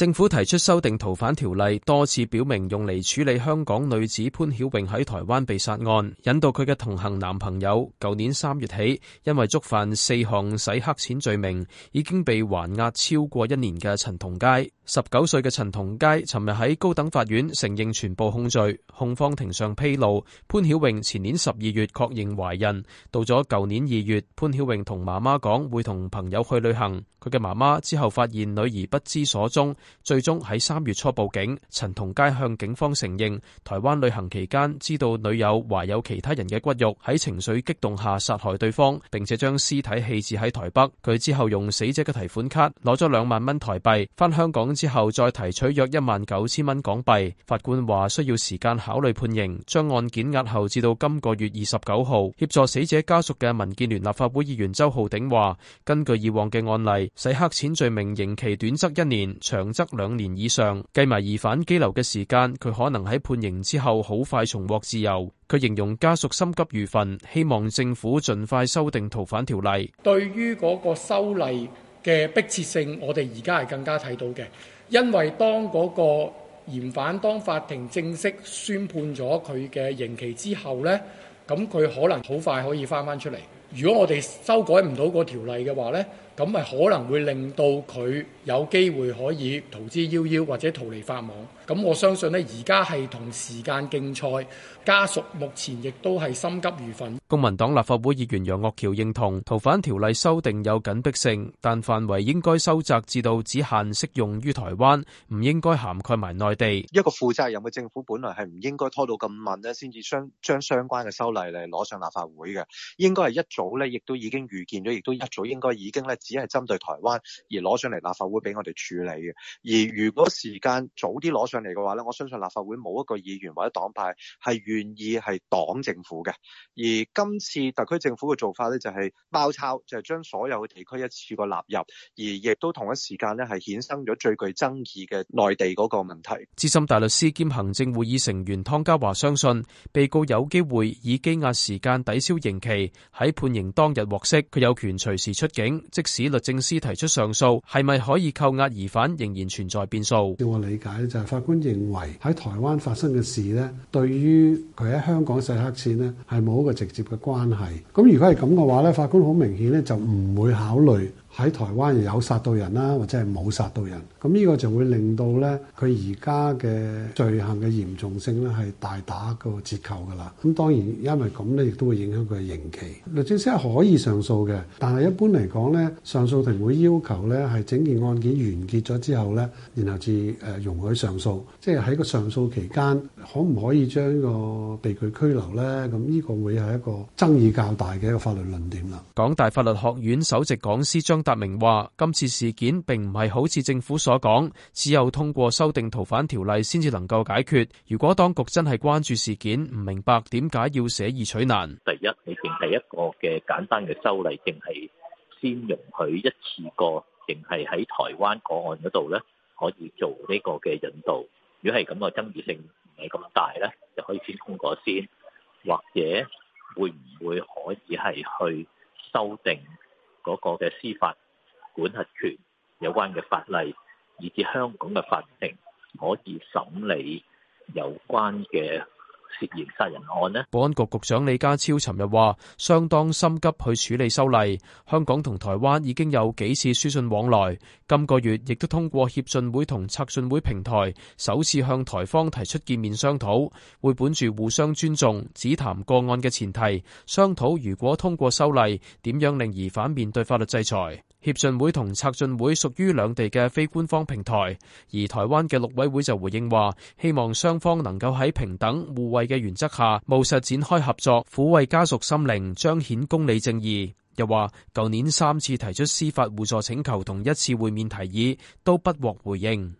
政府提出修訂逃犯條例，多次表明用嚟處理香港女子潘曉穎喺台灣被殺案，引渡佢嘅同行男朋友。舊年三月起，因為觸犯四項洗黑錢罪名，已經被還押超過一年嘅陳同佳，十九歲嘅陳同佳，尋日喺高等法院承認全部控罪。控方庭上披露，潘曉穎前年十二月確認懷孕，到咗舊年二月，潘曉穎同媽媽講會同朋友去旅行，佢嘅媽媽之後發現女兒不知所蹤。最終喺三月初報警，陳同佳向警方承認，台灣旅行期間知道女友懷有其他人嘅骨肉，喺情緒激動下殺害對方，並且將屍體棄置喺台北。佢之後用死者嘅提款卡攞咗兩萬蚊台幣，翻香港之後再提取約一萬九千蚊港幣。法官話需要時間考慮判刑，將案件押後至到今個月二十九號。協助死者家屬嘅民建聯立法會議員周浩鼎話，根據以往嘅案例，洗黑錢罪名刑期短則一年，長。得兩年以上，計埋疑犯羈留嘅時間，佢可能喺判刑之後好快重獲自由。佢形容家屬心急如焚，希望政府盡快修訂逃犯條例。對於嗰個修例嘅迫切性，我哋而家係更加睇到嘅，因為當嗰個嫌犯當法庭正式宣判咗佢嘅刑期之後呢，咁佢可能好快可以翻翻出嚟。如果我哋修改唔到個條例嘅話呢。咁咪可能會令到佢有機會可以逃之夭夭或者逃離法網。咁我相信呢，而家係同時間競賽，家屬目前亦都係心急如焚。公民黨立法會議員楊岳橋認同逃犯條例修訂有緊迫性，但範圍應該收窄至到只限適用於台灣，唔應該涵蓋埋內地。一個負責任嘅政府本來係唔應該拖到咁慢呢，先至將相關嘅修例嚟攞上立法會嘅。應該係一早呢，亦都已經預見咗，亦都一早應該已經呢。只係針對台灣而攞上嚟立法會俾我哋處理嘅，而如果時間早啲攞上嚟嘅話咧，我相信立法會冇一個議員或者黨派係願意係擋政府嘅。而今次特區政府嘅做法呢，就係包抄，就係將所有嘅地區一次過納入，而亦都同一時間呢，係衍生咗最具爭議嘅內地嗰個問題。資深大律師兼行政會議成員湯家驊相信被告有機會以羈押時間抵消刑期，喺判刑當日獲釋，佢有權隨時出境，即使律政司提出上訴，係咪可以扣押疑犯仍然存在變數？照我理解就係、是、法官認為喺台灣發生嘅事咧，對於佢喺香港洗黑錢咧，係冇一個直接嘅關係。咁如果係咁嘅話咧，法官好明顯咧，就唔會考慮。喺台灣有殺到人啦，或者係冇殺到人，咁呢個就會令到咧佢而家嘅罪行嘅嚴重性咧係大打個折扣㗎啦。咁當然因為咁咧，亦都會影響佢嘅刑期。律政司係可以上訴嘅，但係一般嚟講咧，上訴庭會要求咧係整件案件完結咗之後咧，然後至誒容許上訴。即係喺個上訴期間，可唔可以將個被告拘留咧？咁呢個會係一個爭議較大嘅一個法律論點啦。港大法律學院首席講師張達明話：今次事件並唔係好似政府所講，只有通過修訂逃犯條例先至能夠解決。如果當局真係關注事件，唔明白點解要捨易取難。第一，你淨係一個嘅簡單嘅修例，淨係先容許一次過，淨係喺台灣個案嗰度咧可以做呢個嘅引渡。如果係咁個爭議性唔係咁大咧，就可以先通過先，或者會唔會可以係去修訂？嗰個嘅司法管轄權有關嘅法例，以至香港嘅法庭可以審理有關嘅涉嫌殺人案呢？保安局局長李家超尋日話，相當心急去處理修例。香港同台灣已經有幾次書信往來，今個月亦都通過協進會同策進會平台，首次向台方提出見面商討，會本住互相尊重、只談個案嘅前提，商討如果通過修例，點樣令疑犯面對法律制裁。協進會同策進會屬於兩地嘅非官方平台，而台灣嘅陸委會就回應話，希望雙方能夠喺平等互惠嘅原則下務實展開合作，撫慰家屬心靈，彰顯公理正義。又話，舊年三次提出司法互助請求同一次會面提議，都不獲回應。